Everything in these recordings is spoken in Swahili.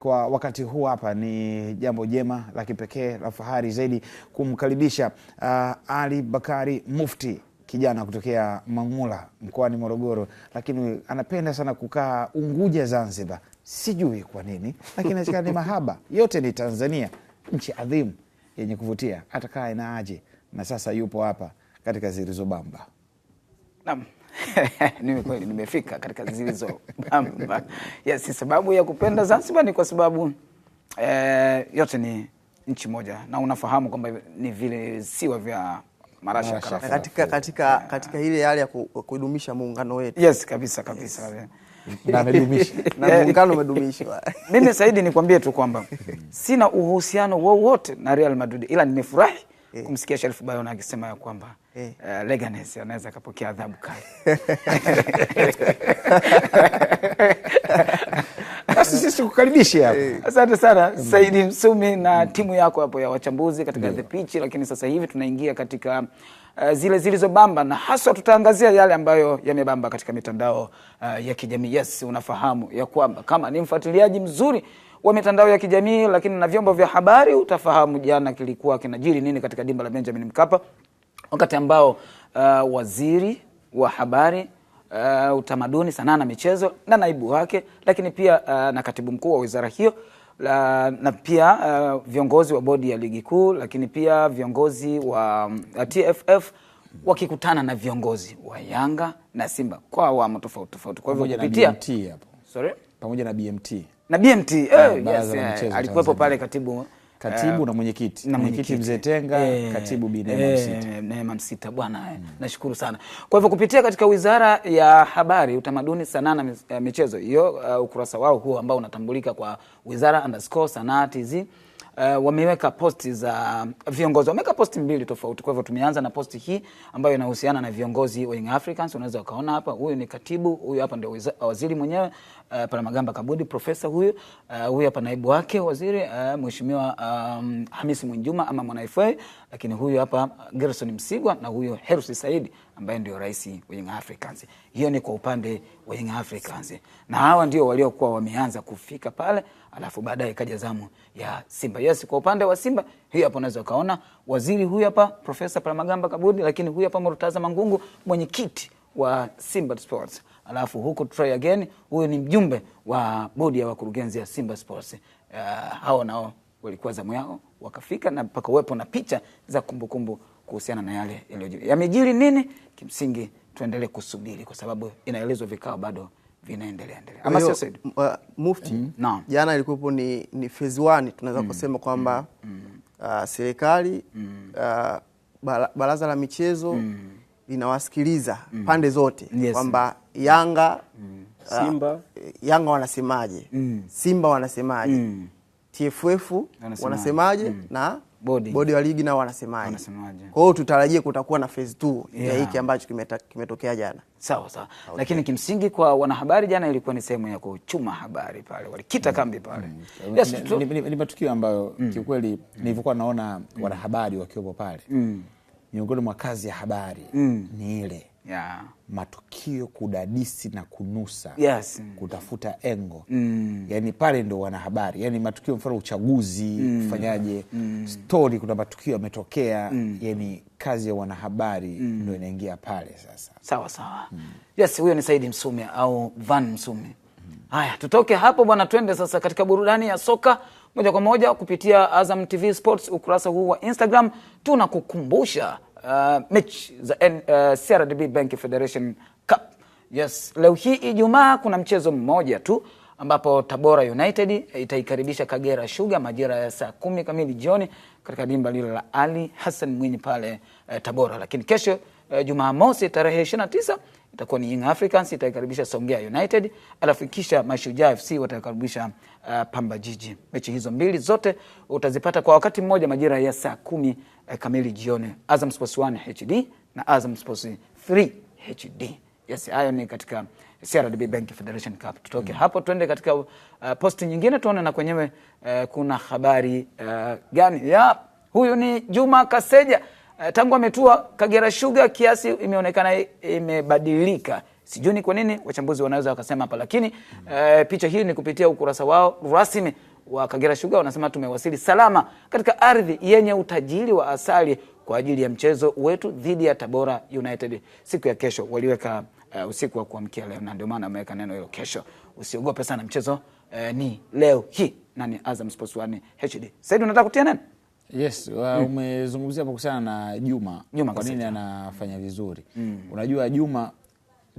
Kwa wakati huu hapa ni jambo jema la kipekee la fahari zaidi kumkaribisha uh, Ali Bakari Mufti, kijana kutokea Mang'ula mkoani Morogoro, lakini anapenda sana kukaa Unguja, Zanzibar. Sijui kwa nini, lakini inawezekana ni mahaba. Yote ni Tanzania, nchi adhimu yenye kuvutia, atakaa inaaje. Na sasa yupo hapa katika Zilizobamba. nam nimekweli nimefika katika zilizo bamba. Yes, sababu ya kupenda Zanzibar ni kwa sababu eh, yote ni nchi moja na unafahamu kwamba ni vile siwa vya Marasha katika, katika, katika, katika ile hali ya kudumisha muungano wetu. Yes, kabisa kabisa. Yes. Na Na muungano umedumishwa. Mimi Saidi nikwambie tu kwamba sina uhusiano wowote na Real Madrid ila nimefurahi eh. kumsikia Sharifu Bayona akisema ya kwamba Hey. Uh, Leganes anaweza akapokea adhabu kali basi. Sisi kukaribishe hapa eh, Asante sana mm. Saidi Msumi na mm. timu yako hapo ya wachambuzi katika yeah. The Pitch, lakini sasa hivi tunaingia katika uh, zile zilizobamba na haswa tutaangazia yale ambayo yamebamba katika mitandao uh, ya kijamii. Yes, unafahamu ya kwamba kama ni mfuatiliaji mzuri wa mitandao ya kijamii lakini na vyombo vya habari, utafahamu jana kilikuwa kinajiri nini katika dimba la Benjamin Mkapa wakati ambao uh, waziri wa habari uh, utamaduni, sanaa na michezo na naibu wake, lakini pia uh, na katibu mkuu wa wizara hiyo la, uh, na pia uh, viongozi wa bodi ya ligi kuu, lakini pia viongozi wa um, TFF wakikutana na viongozi wa Yanga na Simba kwa awamu tofauti tofauti. Kwa hivyo kupitia sorry, pamoja na BMT na BMT, ah, eh, yes, eh, alikuwepo pale katibu katibu eh, na mwenyekiti na mwenyekiti mzee Tenga e, katibu Bi Neema eh, Msita e, bwana mm. Nashukuru sana. Kwa hivyo kupitia katika Wizara ya Habari, Utamaduni, Sanaa na Michezo, hiyo uh, ukurasa wao huo ambao unatambulika kwa wizara underscore sanaa tz Uh, wameweka posti za viongozi wameweka posti mbili tofauti. Kwa hivyo tumeanza na posti hii ambayo inahusiana na viongozi wa Young Africans. Unaweza ukaona hapa, huyu ni katibu, huyu hapa ndio waziri mwenyewe uh, eh, Palamagamba Kabudi profesa huyu uh, huyu hapa naibu wake waziri uh, mheshimiwa um, Hamisi Mwinjuma ama Mwanaifai, lakini huyu hapa Gerson Msigwa na huyu Herusi Saidi ambaye ndio rais wa Young Africans. Hiyo ni kwa upande wa Young Africans, na hawa ndio waliokuwa wameanza kufika pale, alafu baadaye kaja zamu ya Simba. Yes, kwa upande wa Simba hiyo hapo unaweza ukaona waziri huyu hapa Profesa Palamagamba Kabudi, lakini huyu hapa Murtaza Mangungu, mwenyekiti wa Simba Sports alafu huko try again. Huyu ni mjumbe wa bodi ya wakurugenzi ya Simba Sports. Uh, hao nao walikuwa zamu yao wakafika, na mpaka uwepo na picha za kumbukumbu kuhusiana na yale yaliyojiri. Yamejiri nini? Kimsingi tuendelee kusubiri, kwa sababu inaelezwa vikao bado vinaendelea endelea, ama sio Said? Uh, Mufti mm -hmm. no. Jana ilikuwa ni ni phase 1 tunaweza mm -hmm. kusema kwamba mm -hmm. uh, serikali mm -hmm. uh, baraza la michezo mm -hmm. linawasikiliza mm -hmm. pande zote yes. kwamba Yanga mm. Simba uh, Yanga wanasemaje mm. Simba wanasemaje mm. TFF wanasemaje mm. na bodi bodi wa ligi nao wanasemaje? Kwa hiyo tutarajie kutakuwa na phase 2 yeah. ya hiki ambacho kimetokea jana. Sawa sawa, okay. Lakini kimsingi kwa wanahabari jana ilikuwa ni sehemu ya kuchuma habari pale, walikita mm. kambi pale mm. yes, ni, ni, ni matukio ambayo mm. kiukweli mm. nilivyokuwa naona mm. wanahabari wakiwepo pale mm. miongoni mwa kazi ya habari mm. ni ile yeah. matukio kudadisi na kunusa yes. kutafuta engo mm. yani pale ndo wanahabari yani matukio mfano uchaguzi mm. kufanyaje mm. stori kuna matukio yametokea mm. yani kazi ya wanahabari mm. ndo inaingia pale sasa sawa sawa mm. yes huyo ni saidi msume au van msume Haya, tutoke hapo bwana, twende sasa katika burudani ya soka moja kwa moja kupitia Azam TV Sports. Ukurasa huu wa Instagram tunakukumbusha uh, mechi za uh, CRDB Bank Federation Cup. Yes, leo hii Ijumaa kuna mchezo mmoja tu ambapo Tabora United itaikaribisha Kagera Sugar majira ya saa kumi kamili jioni katika dimba lile la Ali Hassan Mwinyi pale eh, Tabora. Lakini kesho eh, Jumamosi tarehe 29 itakuwa ni Young Africans itaikaribisha Songea United, alafu kisha Mashujaa FC watakaribisha uh, Pamba Jiji. Mechi hizo mbili zote utazipata kwa wakati mmoja majira ya saa kumi uh, kamili jioni, Azam Sports 1 HD na Azam Sports 3 HD. Yes, hayo ni katika CRDB Bank Federation Cup. Tutoke hmm, hapo tuende katika uh, posti nyingine tuone na kwenyewe uh, kuna habari uh, gani ya huyu ni Juma Kaseja Eh, tangu ametua Kagera Sugar kiasi imeonekana imebadilika. Sijui ni kwa nini, wachambuzi wanaweza wakasema hapa, lakini mm. -hmm. e, picha hii ni kupitia ukurasa wao rasmi wa Kagera Sugar, wanasema tumewasili salama katika ardhi yenye utajiri wa asali kwa ajili ya mchezo wetu dhidi ya Tabora United siku ya kesho. Waliweka uh, usiku wa kuamkia leo, na ndio maana wameweka neno hilo kesho. Usiogope sana, mchezo uh, ni leo hii. Nani Azam Sports 1 HD. Said unataka kutia neno Yes, mm. Umezungumzia hapo kuhusiana na Juma, Juma kwa nini anafanya vizuri mm. Unajua Juma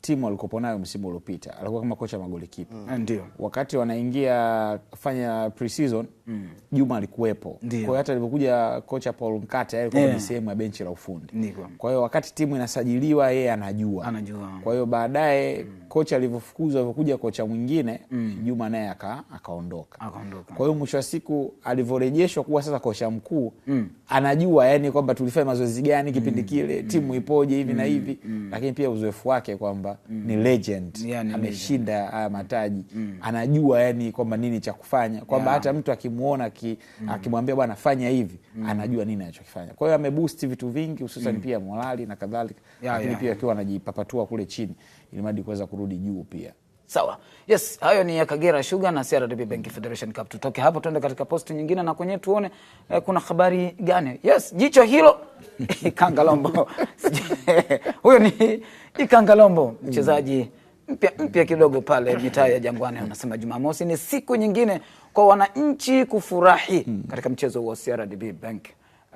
timu alikopo nayo msimu uliopita alikuwa kama kocha magoli kipa mm. Ndio wakati wanaingia fanya pre-season mm. Juma alikuwepo, kwa hiyo hata alivyokuja kocha Paul Mkate yeye alikuwa yeah. ni sehemu ya benchi la ufundi. Kwa hiyo wakati timu inasajiliwa yeye anajua, anajua. Kwa hiyo baadaye mm. kocha alivyofukuzwa, alivyokuja kocha mwingine mm. Juma naye aka akaondoka Akaondoka. Kwa hiyo mwisho wa siku alivyorejeshwa kuwa sasa kocha mkuu mm. anajua yani kwamba tulifanya mazoezi gani kipindi mm. kile mm. timu ipoje hivi mm. na hivi mm. lakini pia uzoefu wake kwamba mm. ni legend yeah, ameshinda haya mataji mm. anajua yani kwamba nini cha kufanya kwamba yeah. hata mtu akimu ukimwona mm-hmm. akimwambia bwana fanya hivi mm. anajua nini anachokifanya. Kwa hiyo amebusti vitu vingi hususan mm. pia morali na kadhalika, lakini pia akiwa anajipapatua kule chini ili kuweza kurudi juu pia. Sawa, yes, hayo ni ya Kagera na CRDB Bank Federation Cup. Tutoke hapo tuende katika posti nyingine na kwenyewe tuone eh, kuna habari gani? Yes, jicho hilo Ikangalombo huyo ni Ikangalombo mchezaji mm mpya mpya kidogo pale mitaa ya Jangwani. Anasema Jumamosi ni siku nyingine kwa wananchi kufurahi hmm. katika mchezo wa CRDB Bank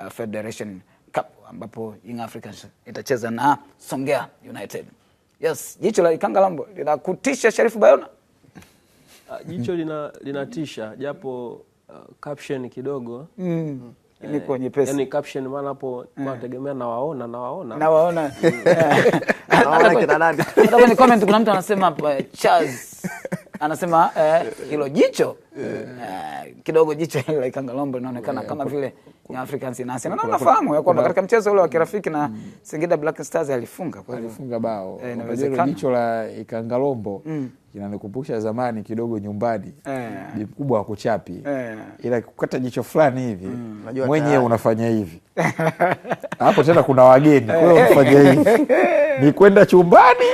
uh, Federation Cup ambapo Young Africans itacheza na Songea United. Yes, jicho la Ikanga Lambo linakutisha Sharifu Bayona. Uh, jicho lina linatisha japo uh, caption kidogo mm. Eh, ilikuwa nyepesi. Yani caption maana hapo mm. nategemea nawaona nawaona nawaona eh. Hata kwenye comment kuna mtu anasema eh, Charles anasema eh, hilo jicho eh, kidogo jicho la Kangalombo linaonekana kama vile Africans inasema Na unafahamu ya kwamba katika mchezo ule wa kirafiki na Singida Black Stars alifunga kwa alifunga bao. Jicho la Kangalombo mm inanikumbusha zamani kidogo nyumbani eh, mkubwa wa kuchapi eh, ila kukata jicho fulani hivi mm, mwenyewe unafanya hivi hapo tena kuna wageni kwao unafanya hivi eh. ni kwenda chumbani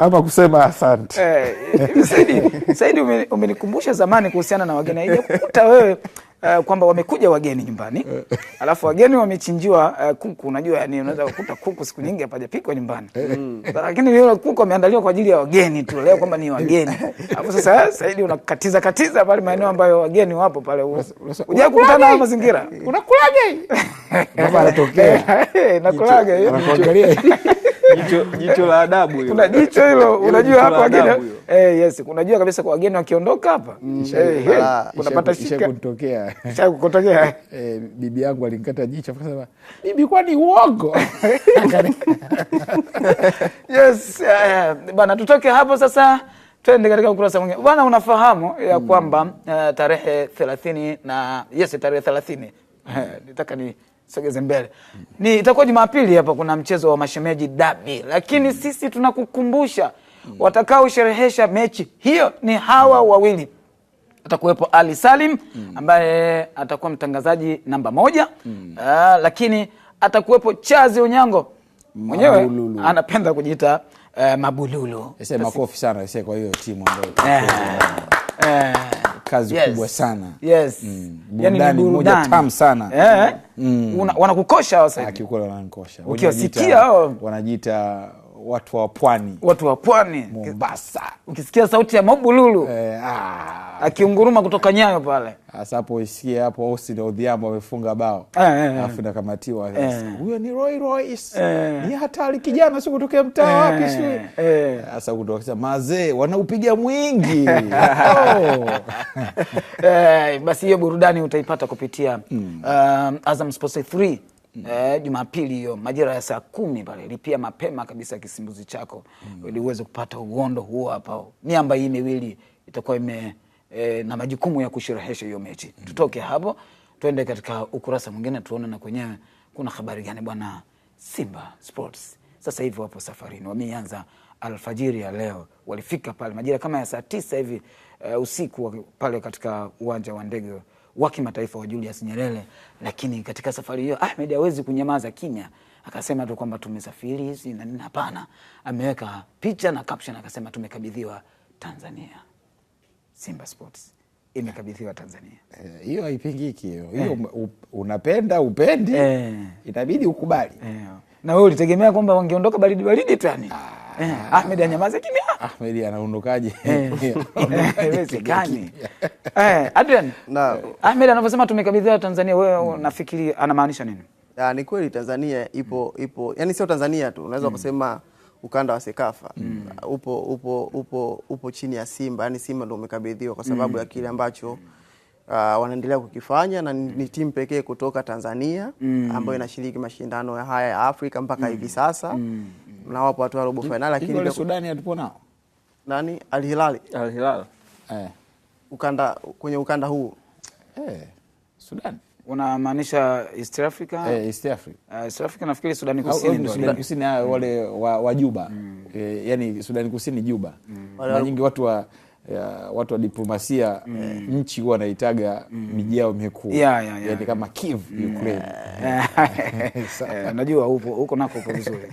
ama kusema asante. Eh. Saidi, umenikumbusha zamani kuhusiana na wageni, haijakukuta wewe uh, kwamba wamekuja wageni nyumbani alafu wageni wamechinjiwa uh, kuku. Unajua yani, unaweza kukuta kuku siku nyingi hapajapikwa nyumbani mm. lakini yule kuku ameandaliwa kwa ajili ya wageni tu leo, kwamba ni wageni. Alafu sasa eh, Saidi unakatiza katiza pale maeneo ambayo wageni wapo pale, uja kukutana na mazingira, unakulaje? Baba anatokea nakulaje jicho, jicho la adabu hilo. Kuna jicho hilo, unajua hapo wageni. Eh, yes, unajua kabisa kwa wageni wakiondoka hapa. Unapata mm, eh, shika. Eh, kutokea. Shika kutokea. Eh. eh, bibi yangu alinikata jicho akasema, "Bibi kwani uongo?" Yes, uh, bana tutoke hapo sasa. Twende katika ukurasa mwingine. bana unafahamu ya mm. kwamba uh, tarehe 30 na yes tarehe 30. Nitaka ni sogeze mbele ni itakuwa Jumapili hapa kuna mchezo wa mashemeji dabi, lakini mm. sisi tunakukumbusha watakaosherehesha mechi hiyo ni hawa mm. wawili atakuwepo Ali Salim mm. ambaye atakuwa mtangazaji namba moja. Uh, lakini atakuwepo Chazi Onyango mwenyewe anapenda kujiita uh, Mabululu. Makofi sana kwa hiyo timu ambayo eh, eh kazi yes. kubwa sana yes. mm. burudani yani moja tam sana eh. mm. wanakukosha kiukweli ukiwasikia wanajiita watu wa pwani, watu wa pwani Mombasa. Ukisikia sauti ya Mabululu eh, ah. akiunguruma kutoka Nyayo pale, hasa hapo isikie hapo Austin Odhiambo amefunga bao eh, eh, eh. alafu nakamatiwa, huyo ni Roy Royce, ni hatari kijana, si kutokea mtaa wapi, si hasa kutoka mazee wanaupiga mwingi oh. eh, basi hiyo burudani utaipata kupitia mm. um, Azam Sports 3 mm. eh, Jumapili hiyo majira ya saa kumi pale lipia mapema kabisa kisimbuzi chako mm. ili uweze kupata uondo huo hapa. Miamba hii miwili itakuwa ime eh, na majukumu ya kusherehesha hiyo mechi mm. Tutoke hapo twende katika ukurasa mwingine tuone na kwenyewe kuna habari gani bwana. Simba Sports sasa hivi wapo safarini, wameanza alfajiri ya leo, walifika pale majira kama ya saa tisa hivi uh, usiku pale katika uwanja wa ndege wa kimataifa wa Julius Nyerere, lakini katika safari hiyo Ahmed hawezi kunyamaza kimya akasema tu kwamba tumesafiri hizi na nini. Hapana, ameweka picha na caption akasema tumekabidhiwa Tanzania, Simba Sports imekabidhiwa Tanzania. Eh, hiyo eh, haipingiki hiyo eh. Unapenda upendi eh, inabidi ukubali eh na wewe ulitegemea kwamba wangeondoka baridi baridi tani. Ah. Eh, Ahmed anyamaze kimya. Ahmed anaondokaje? Eh. Haiwezekani. Eh, Adrian. Na Ahmed anavyosema tumekabidhiwa Tanzania, wewe unafikiri anamaanisha nini? Ya, ni kweli Tanzania ipo ipo, yani sio Tanzania tu, unaweza mm. kusema ukanda wa Sekafa mm. upo upo upo upo chini ya Simba, yani Simba ndio umekabidhiwa kwa sababu mm. ya kile ambacho mm uh, wanaendelea kukifanya na ni mm. timu pekee kutoka Tanzania mm. ambayo inashiriki mashindano haya ya Afrika mpaka mm. hivi sasa mm. na wapo watu wa robo fainali, lakini kwa Sudani hatupo nao nani Al Hilal Al Hilal eh. ukanda kwenye ukanda huu eh. Sudani unamaanisha East Africa eh, East Africa uh, East Africa nafikiri Sudani Kusini ndio Sudani Kusini ah, wale wa, wa Juba mm. eh, yani Sudani Kusini Juba mm. mara nyingi watu wa ya watu wa diplomasia mm. Eh, nchi huwa wanaitaga mm. miji yao mikuu yeah, yeah, yeah. yani kama Kiev mm. ukrain eh, Najua upo huko nako upo vizuri.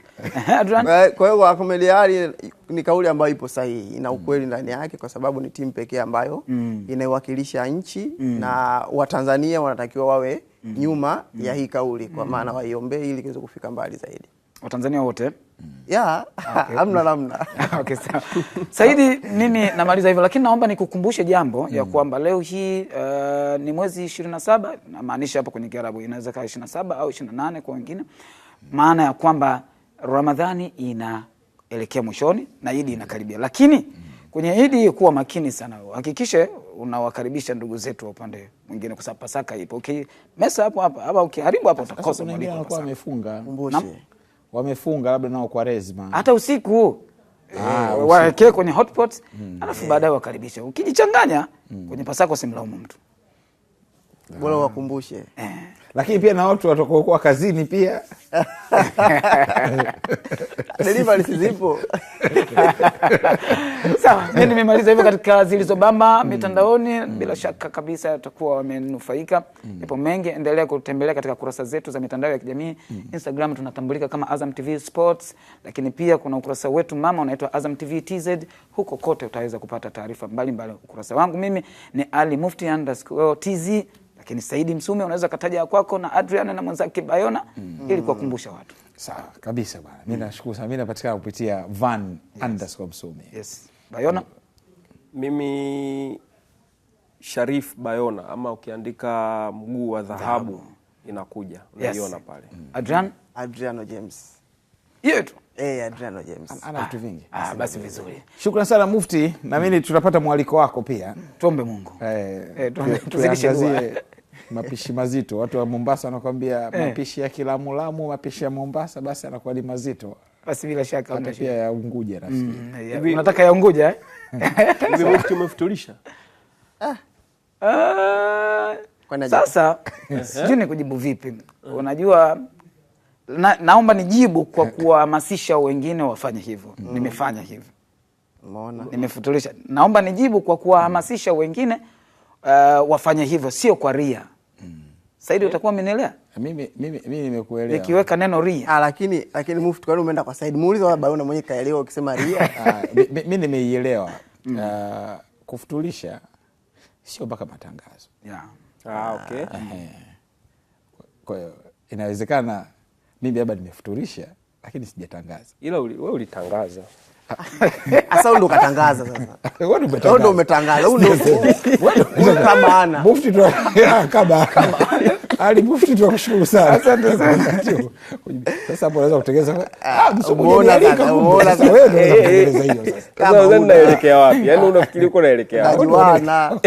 Kwa hiyo akomeliari ni kauli ambayo ipo sahihi, ina mm. ukweli ndani yake, kwa sababu ni timu pekee ambayo mm. inaiwakilisha nchi mm. na Watanzania wanatakiwa wawe mm. nyuma mm. ya hii kauli, kwa mm. maana mm. waiombee ili kiweze kufika mbali zaidi, Watanzania wote ya amna namna okay, Saidi, mimi namaliza hivyo, lakini naomba nikukumbushe jambo ya hmm. kwamba leo hii uh, ni mwezi ishirini na saba namaanisha hapo kwenye Kiarabu inaweza kaa ishirini na saba au ishirini na nane kwa wengine, maana ya kwamba Ramadhani inaelekea mwishoni na Idi hmm. inakaribia, lakini hmm. kwenye Idi kuwa makini sana, hakikishe unawakaribisha ndugu zetu wa upande mwingine, kwa sababu Pasaka ipo. Ukimesa okay, hapo hapa ama ukiharibu hapo utakosa mwaliko. Amefunga wamefunga labda nao rezima hata usiku Ah, eh, wawekee kwenye hotpot mm. Alafu baadaye wakaribisha. Ukijichanganya mm. kwenye pasako simlaumu mtu, bora wakumbushe eh lakini pia na watu watakokuwa kazini pia zipo sawa. Mi nimemaliza hivyo katika Zilizobamba mitandaoni, bila shaka kabisa watakuwa wamenufaika. Mm. Yapo mengi, endelea kutembelea katika kurasa zetu za mitandao ya kijamii. Mm. Instagram tunatambulika kama Azam TV Sports, lakini pia kuna ukurasa wetu mama unaitwa Azam TV TZ. Huko kote utaweza kupata taarifa mbalimbali. Ukurasa wangu mimi ni Ali Mufti underscore TZ lakini Saidi Msume unaweza kataja ya kwako na Adrian na mwenzake Bayona mm. ili kuwakumbusha watu. Sawa kabisa bwana, mi nashukuru sana. Mi napatikana kupitia Van underscore Msume. Yes. Bayona, mimi Sharif Bayona, ama ukiandika mguu wa dhahabu inakuja unaiona pale. mm. Adrian, Adriano James hiyo tu. Hey, eh, vitu ah, vingi. Ah, basi vizuri. Shukrani sana Mufti, namini mm. tutapata mwaliko wako pia. Tuombe Mungu. Eh, hey, eh, tuzidishe mapishi mazito. Watu wa Mombasa wanakwambia eh. mapishi ya Kilamulamu, mapishi ya Mombasa, basi anakuwa ni mazito. Basi bila shaka hata pia ya Unguja rafiki. Mm, unataka ya Unguja eh? Hivi umefutulisha? Ah. Ah. Sasa sijui ni kujibu vipi. Unajua na, naomba nijibu kwa kuwahamasisha wengine wafanye hivyo. Mm. Nimefanya hivyo. Umeona? Nimefutulisha. Naomba nijibu kwa kuwahamasisha wengine uh, wafanye hivyo, sio kwa ria. Saidi, eh? utakuwa umenielewa? Eh, mimi mimi mimi nimekuelewa. Nikiweka neno ria. Ah, lakini lakini mufti, kwani umeenda kwa Saidi. Muulize wala Baona mwenyewe kaelewa ukisema ria. Mimi ah, nimeielewa. Mm. Ah, kufutulisha sio mpaka matangazo. Yeah. Ah, okay. Ah, kwa hiyo inawezekana mimi labda nimefutulisha lakini sijatangaza. Ila wewe ulitangaza. Asa ndo katangaza sasa. Ndo umetangaza. Kabana. Mufti tu ah, kaba. Ali mufti tu kushukuru sana. Asante sana. Sasa hapo unaweza kutengeneza. Ah, ah umeona kana umeona sasa wewe unaweza kutengeneza hiyo sasa. Sasa unaelekea wapi? Yaani unafikiri uko unaelekea wapi? Najuana.